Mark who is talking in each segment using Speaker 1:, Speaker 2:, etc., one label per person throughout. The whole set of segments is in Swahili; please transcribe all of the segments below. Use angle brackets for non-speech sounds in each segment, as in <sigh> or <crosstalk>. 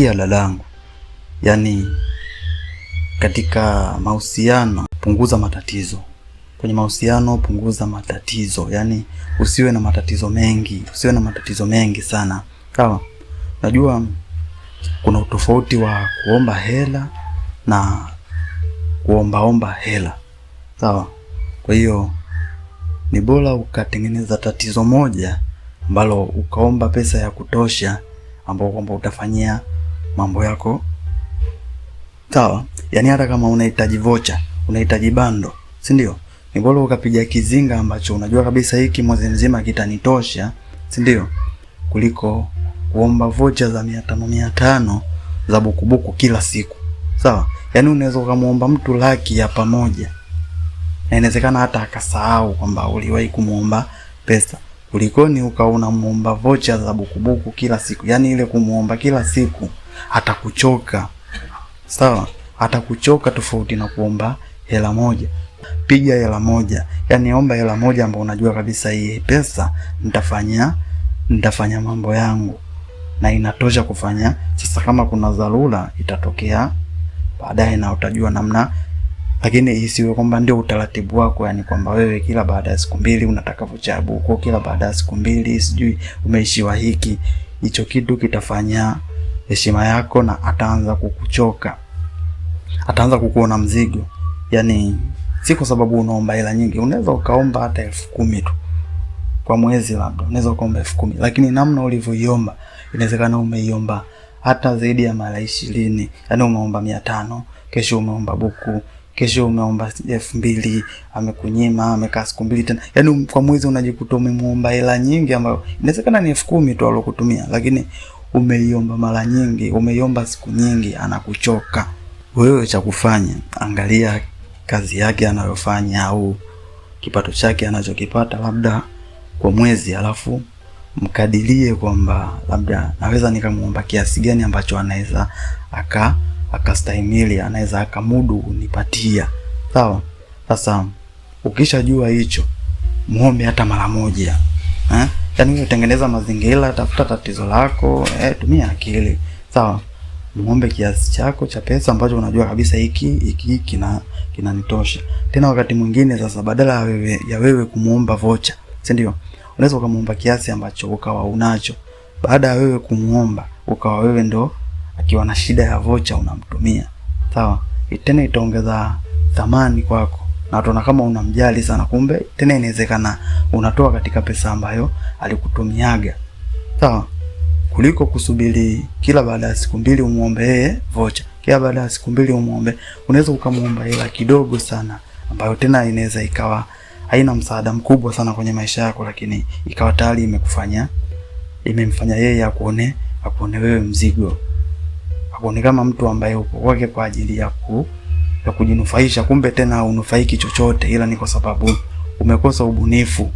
Speaker 1: Sikia lalangu, yaani katika mahusiano punguza matatizo. Kwenye mahusiano punguza matatizo, yaani usiwe na matatizo mengi, usiwe na matatizo mengi sana. Sawa, najua kuna utofauti wa kuomba hela na kuombaomba hela, sawa. Kwa hiyo ni bora ukatengeneza tatizo moja ambalo ukaomba pesa ya kutosha, ambao kwamba utafanyia mambo yako sawa. Yani hata kama unahitaji vocha, unahitaji bando, si ndio? Ni bora ukapiga kizinga ambacho unajua kabisa hiki mwezi mzima kitanitosha, si ndio? Kuliko kuomba vocha za mia tano mia tano za bukubuku kila siku, sawa. Yani unaweza ukamwomba mtu laki ya pamoja, na inawezekana hata akasahau kwamba uliwahi kumuomba pesa kulikoni ukaona muomba vocha za bukubuku kila siku, yaani ile kumuomba kila siku atakuchoka sawa, atakuchoka tofauti na kuomba hela moja. Piga hela moja, yani omba hela moja ambayo unajua kabisa hii pesa nitafanya nitafanya mambo yangu na inatosha kufanya. Sasa kama kuna dharura itatokea baadaye, na utajua namna, lakini isiwe kwamba ndio utaratibu wako, yani kwamba wewe kila baada ya siku mbili unataka vuchabu huko, kila baada ya siku mbili sijui umeishiwa hiki. Hicho kitu kitafanya heshima yako, na ataanza kukuchoka, ataanza kukuona mzigo. Yani si kwa sababu unaomba hela nyingi, unaweza ukaomba hata elfu kumi tu kwa mwezi, labda unaweza ukaomba elfu kumi lakini namna ulivyoiomba inawezekana umeiomba hata zaidi ya mara ishirini. Yani umeomba mia tano kesho umeomba buku kesho umeomba elfu mbili amekunyima, amekaa siku mbili tena. Yani kwa mwezi unajikuta umemuomba hela nyingi ambayo inawezekana ni elfu kumi tu alokutumia, lakini umeiomba mara nyingi, umeiomba siku nyingi, anakuchoka wewe. Cha kufanya, angalia kazi yake anayofanya au kipato chake anachokipata labda kwa mwezi, alafu mkadirie kwamba labda naweza nikamwomba kiasi gani ambacho anaweza aka akastahimili, anaweza akamudu kunipatia. Sawa. Sasa ukishajua hicho, muombe hata mara moja eh? yani wewe tengeneza mazingira, tafuta tatizo lako, eh, tumia akili sawa. Muombe kiasi chako cha pesa ambacho unajua kabisa hiki hiki kina kinanitosha. Tena wakati mwingine sasa, badala ya wewe ya wewe kumuomba vocha, si ndio? Unaweza ukamuomba kiasi ambacho ukawa unacho, baada ya wewe kumuomba ukawa wewe ndo akiwa na shida ya vocha unamtumia, sawa. Tena itaongeza thamani kwako na utaona kama unamjali sana, kumbe tena inawezekana unatoa katika pesa ambayo alikutumiaga sawa, kuliko kusubiri kila baada ya siku mbili umuombe yeye vocha, kila baada ya siku mbili umuombe. Unaweza ukamuomba hela kidogo sana ambayo tena inaweza ikawa haina msaada mkubwa sana kwenye maisha yako, lakini ikawa tayari imekufanya imemfanya yeye akuone akuone wewe mzigo, akuone kama mtu ambaye upo kwake kwa ajili ya ku ya kujinufaisha, kumbe tena unufaiki chochote, ila ni kwa sababu umekosa ubunifu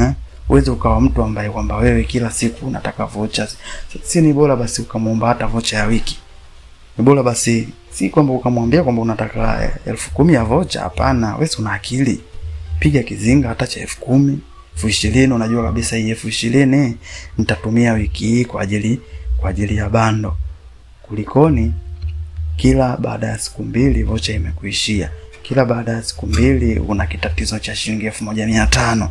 Speaker 1: eh? Uweze ukawa mtu ambaye kwamba wewe kila siku unataka vouchers. Si ni bora basi ukamwomba hata vocha ya wiki? Ni bora basi, si kwamba ukamwambia kwamba unataka eh, elfu kumi ya vocha. Hapana, wewe una akili, piga kizinga hata cha elfu kumi elfu ishirini Unajua kabisa hii elfu ishirini nitatumia wiki hii kwa ajili kwa ajili ya bando kulikoni kila baada ya siku mbili vocha imekuishia, kila baada ya siku mbili una kitatizo cha shilingi elfu moja mia tano.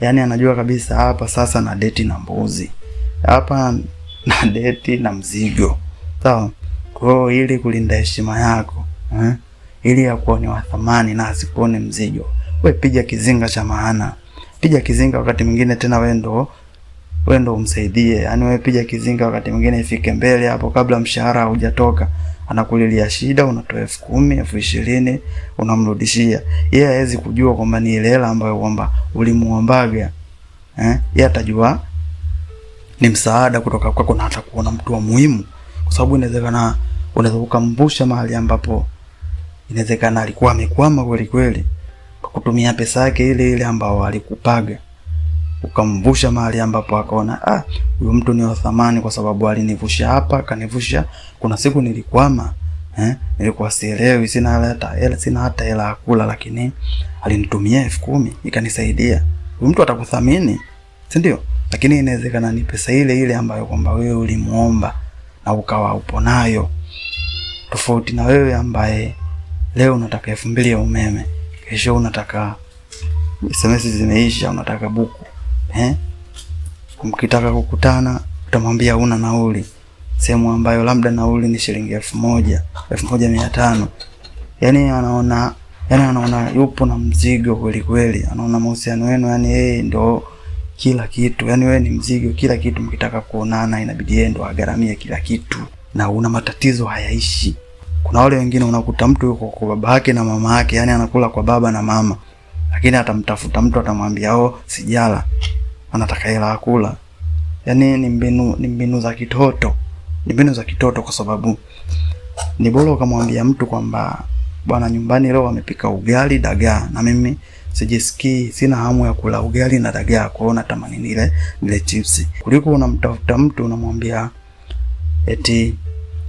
Speaker 1: Yaani anajua kabisa hapa sasa na deti na mbuzi hapa na <laughs> deti na mzigo, sawa. Kwa hiyo ili kulinda heshima yako eh, ili akuone wa thamani na asikuone mzigo, we piga kizinga cha maana, piga kizinga. Wakati mwingine tena wewe ndo wewe ndo umsaidie. Yaani wewe pija kizinga, wakati mwingine ifike mbele hapo, kabla mshahara haujatoka anakulilia shida, unatoa elfu kumi elfu ishirini unamrudishia yeye. Yeah, hawezi kujua kwamba ni ile hela ambayo kwamba ulimuombaga eh, yeye atajua ni msaada kutoka kwako na atakuona mtu wa muhimu, kwa sababu inawezekana unaweza kukumbusha mahali ambapo inawezekana alikuwa amekwama kweli kweli, kwa kutumia pesa yake ile ile ambayo alikupaga ukamvusha mahali ambapo akaona ah, huyu mtu ni wa thamani, kwa sababu alinivusha hapa, kanivusha. Kuna siku nilikwama eh, nilikuwa sielewi, sina hata hela, sina hata hela ya kula, lakini alinitumia elfu kumi ikanisaidia. Huyu mtu atakuthamini, si ndio? Lakini inawezekana ni pesa ile ile ambayo kwamba wewe ulimuomba na ukawa upo nayo, tofauti na wewe ambaye leo unataka elfu mbili ya umeme, kesho unataka SMS zimeisha, unataka buku eh? Mkitaka kukutana utamwambia una nauli sehemu ambayo labda nauli ni shilingi elfu moja elfu moja mia tano yani anaona yani anaona yupo na mzigo kweli kweli, anaona mahusiano yenu yani yeye ndo kila kitu, yani wewe ni mzigo kila kitu. Mkitaka kuonana inabidi yeye ndo agharamie kila kitu, na una matatizo hayaishi. Kuna wale wengine unakuta mtu yuko kwa baba yake na mama yake, yani anakula kwa baba na mama, lakini atamtafuta mtu atamwambia oh, sijala wanataka hela ya kula. Yaani ni mbinu, ni mbinu za kitoto, ni mbinu za kitoto, kwa sababu ni bora ukamwambia mtu kwamba bwana, nyumbani leo wamepika ugali dagaa, na mimi sijisikii, sina hamu ya kula ugali na dagaa, kwa hiyo natamani nile nile chipsi, kuliko unamtafuta mtu unamwambia eti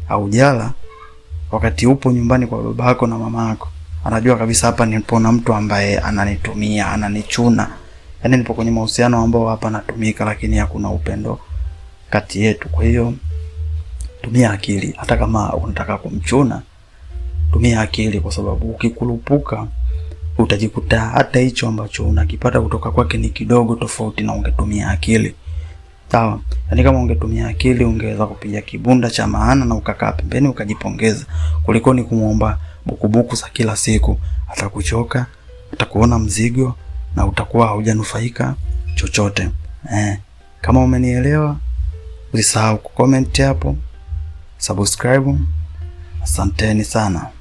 Speaker 1: haujala wakati upo nyumbani kwa babako na mamako. Anajua kabisa hapa nipo na mtu ambaye ananitumia, ananichuna yani nipo kwenye mahusiano ambao hapa natumika, lakini hakuna upendo kati yetu. Kwa hiyo tumia akili, hata kama unataka kumchuna, tumia akili, kwa sababu ukikulupuka utajikuta hata hicho ambacho unakipata kutoka kwake ni kidogo, tofauti na ungetumia akili. Sawa, Yani kama ungetumia akili ungeweza kupiga kibunda cha maana na ukakaa pembeni ukajipongeza, kuliko ni kumwomba bukubuku za kila siku. Atakuchoka, atakuona mzigo, na utakuwa haujanufaika chochote eh. Kama umenielewa, usisahau kucomment hapo, subscribe. Asanteni sana.